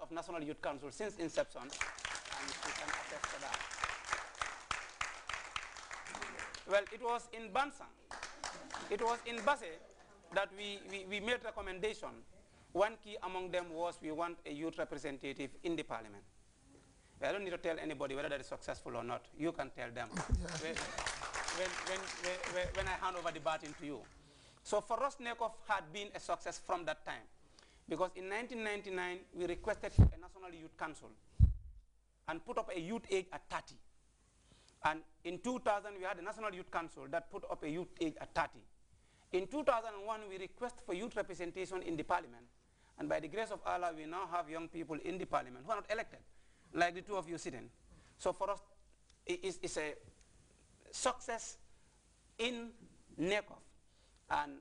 of National Youth Council since inception, and you can attest to that. Well, it was in Bansang, it was in Basse that we, we, we made recommendation. One key among them was we want a youth representative in the parliament. I don't need to tell anybody whether that is successful or not. You can tell them when, when, when, when, I hand over the baton to you. So for us, NECOF had been a success from that time. Because in 1999, we requested a National Youth Council and put up a youth age at 30. And in 2000, we had a National Youth Council that put up a youth age at 30. In 2001, we request for youth representation in the parliament. And by the grace of Allah, we now have young people in the parliament who are not elected, like the two of you sitting. So for us, it is a success in NECOF. And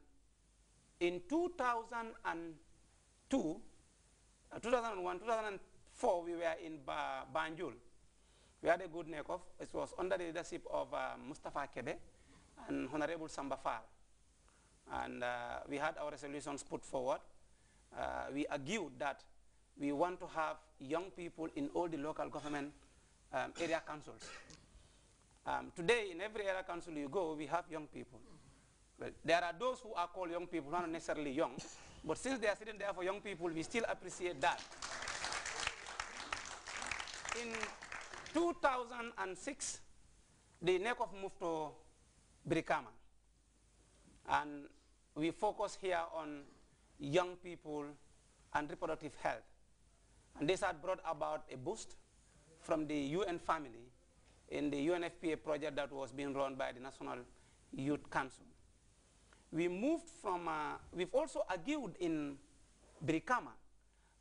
in 2000 and 2002, uh, 2001, 2004, we were in ba Banjul. We had a good knockoff. It was under the leadership of uh, Mustafa Kebe and Honorable Sambafar, And uh, we had our resolutions put forward. Uh, we argued that we want to have young people in all the local government um, area councils. Um, today, in every area council you go, we have young people. Well, there are those who are called young people who are not necessarily young, but since they are sitting there for young people, we still appreciate that. In 2006, the NECOF moved to Brikama. And we focus here on young people and reproductive health. And this had brought about a boost from the UN family in the UNFPA project that was being run by the National Youth Council we moved from, uh, we've also argued in Brikama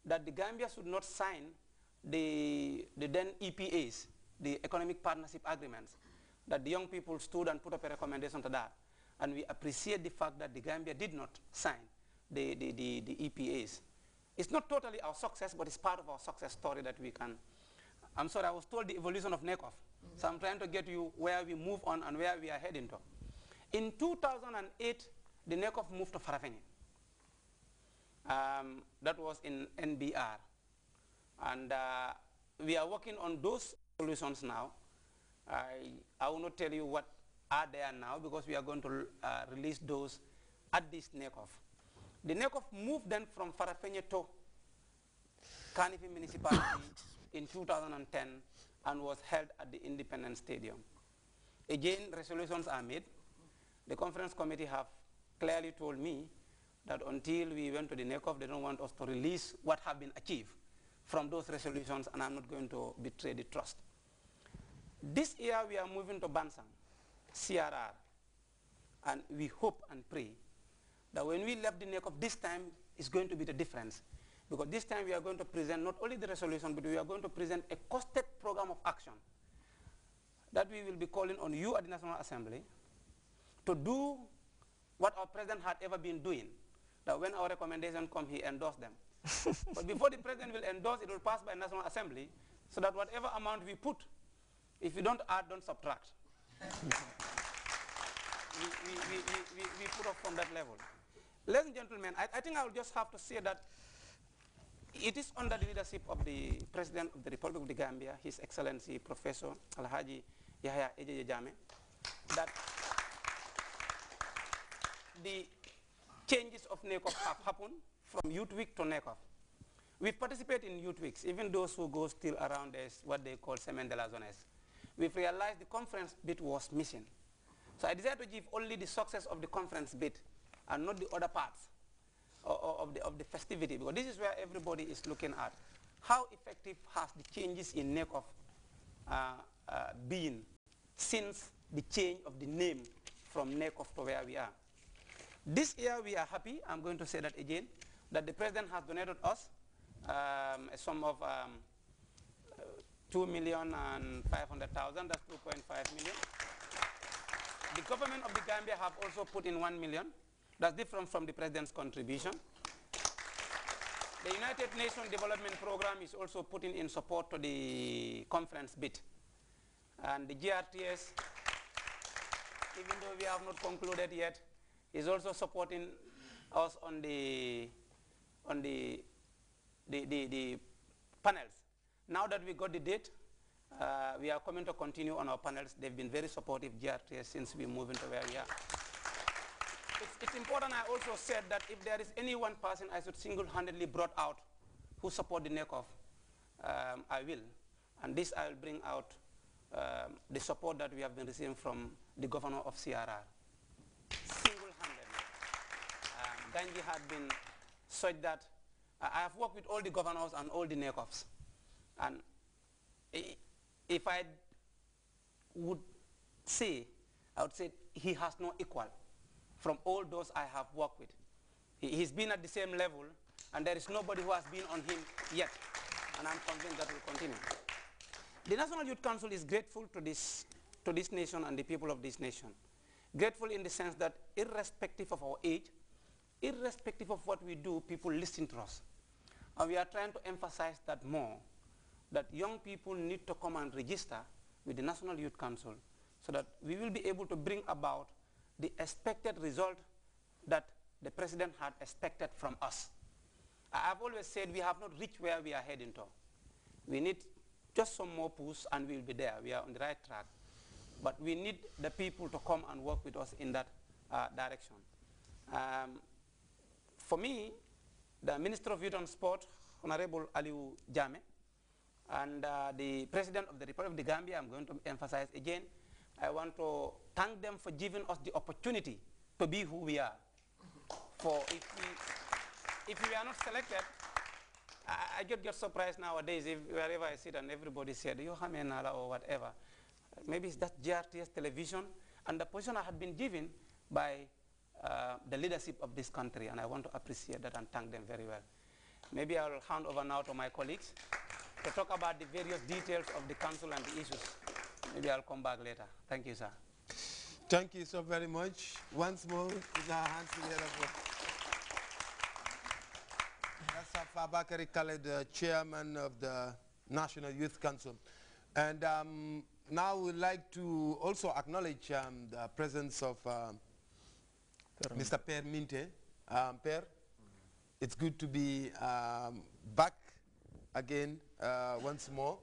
that the Gambia should not sign the, the then EPAs, the Economic Partnership Agreements, that the young people stood and put up a recommendation to that. And we appreciate the fact that the Gambia did not sign the, the, the, the EPAs. It's not totally our success, but it's part of our success story that we can. I'm sorry, I was told the evolution of NECOF. Mm -hmm. So I'm trying to get you where we move on and where we are heading to. In 2008, the of moved to Farafeni. Um, that was in NBR. And uh, we are working on those solutions now. I, I will not tell you what are there now because we are going to uh, release those at this NACOF. The NACOF moved then from Farafeni to Kanifi municipality in 2010 and was held at the Independence Stadium. Again, resolutions are made. The conference committee have clearly told me that until we went to the NECOF, they don't want us to release what have been achieved from those resolutions, and I'm not going to betray the trust. This year, we are moving to Bansang, CRR, and we hope and pray that when we left the NECOF this time, it's going to be the difference. Because this time we are going to present not only the resolution, but we are going to present a costed program of action that we will be calling on you at the National Assembly to do what our president had ever been doing. That when our recommendation come, he endorsed them. but before the president will endorse, it will pass by National Assembly, so that whatever amount we put, if you don't add, don't subtract. we, we, we, we, we put up from that level. Ladies and gentlemen, I, I think I will just have to say that it is under the leadership of the President of the Republic of the Gambia, His Excellency Professor Alhaji Yahya Ejeje Jame, that the changes of NACOF have happened from Youth Week to NACOF. We participate in Youth Weeks, even those who go still around as what they call Semen de la Zones. We've realized the conference bit was missing. So I decided to give only the success of the conference bit and not the other parts of the, of the festivity, because this is where everybody is looking at. How effective has the changes in NACOF uh, uh, been since the change of the name from NACOF to where we are? This year we are happy, I'm going to say that again, that the president has donated us um, a sum of um, uh, 2 million and 500,000, that's 2.5 million. the government of the Gambia have also put in 1 million. That's different from the president's contribution. The United Nations Development Program is also putting in support to the conference bid. And the GRTS, even though we have not concluded yet, is also supporting us on the on the the, the, the panels. Now that we got the date, uh, we are coming to continue on our panels. They've been very supportive, GRTS, since we moved into where we are. It's, it's, important I also said that if there is any one person I should single-handedly brought out who support the NECOF, um, I will. And this I will bring out um, the support that we have been receiving from the governor of CRR. Ganji had been such that I have worked with all the governors and all the NECOFs. And if I would say, I would say he has no equal from all those I have worked with. He, he's been at the same level, and there is nobody who has been on him yet. And I'm convinced that will continue. The National Youth Council is grateful to this, to this nation and the people of this nation. Grateful in the sense that irrespective of our age, irrespective of what we do, people listen to us. And we are trying to emphasize that more, that young people need to come and register with the National Youth Council so that we will be able to bring about the expected result that the president had expected from us. I've always said we have not reached where we are heading to. We need just some more push and we'll be there. We are on the right track. But we need the people to come and work with us in that uh, direction. Um, for me, the Minister of Youth and Sport, Honorable Aliu Jame, and uh, the President of the Republic of the Gambia, I'm going to emphasize again, I want to thank them for giving us the opportunity to be who we are. for if we, if we are not selected, I, I get, get surprised nowadays if wherever I sit and everybody said, "You Nala or whatever. Maybe it's that GRTS television and the position I had been given by uh, the leadership of this country, and I want to appreciate that and thank them very well. Maybe I'll hand over now to my colleagues to talk about the various details of the council and the issues. Maybe I'll come back later. Thank you, sir. Thank you so very much. Once more, with our hands together for That's Abakari Khaled, the chairman of the National Youth Council. And um, now we'd like to also acknowledge um, the presence of uh, Mr. Per Minte. Um, per, it's good to be um, back again uh, once more.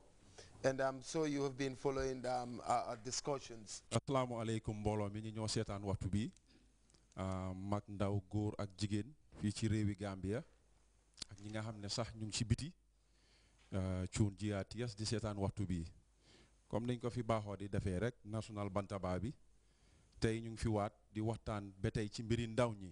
And um, so you have been following um, our, our discussions. Assalamu alaikum uh, ndaw ak jigen fi rewi Gambia ak uh, di fi di national fi di waxtaan ba tey ci mbiri ndaw ñi